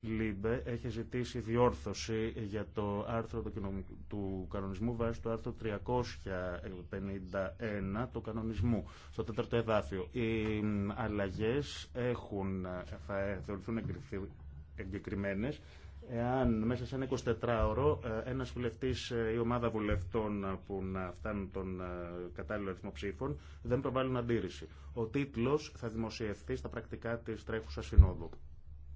Λίμπε έχει ζητήσει διόρθωση για το άρθρο του κανονισμού βάσει το άρθρο 351 του κανονισμού στο τέταρτο εδάφιο. Οι αλλαγές έχουν, θα θεωρηθούν εγκεκριμένες εάν μέσα σε ένα 24ωρο ε, ένας βουλευτής ε, ή ομάδα βουλευτών που να φτάνουν τον ε, κατάλληλο αριθμό ψήφων δεν προβάλλουν αντίρρηση. Ο τίτλος θα δημοσιευτεί στα πρακτικά της τρέχουσα συνόδου.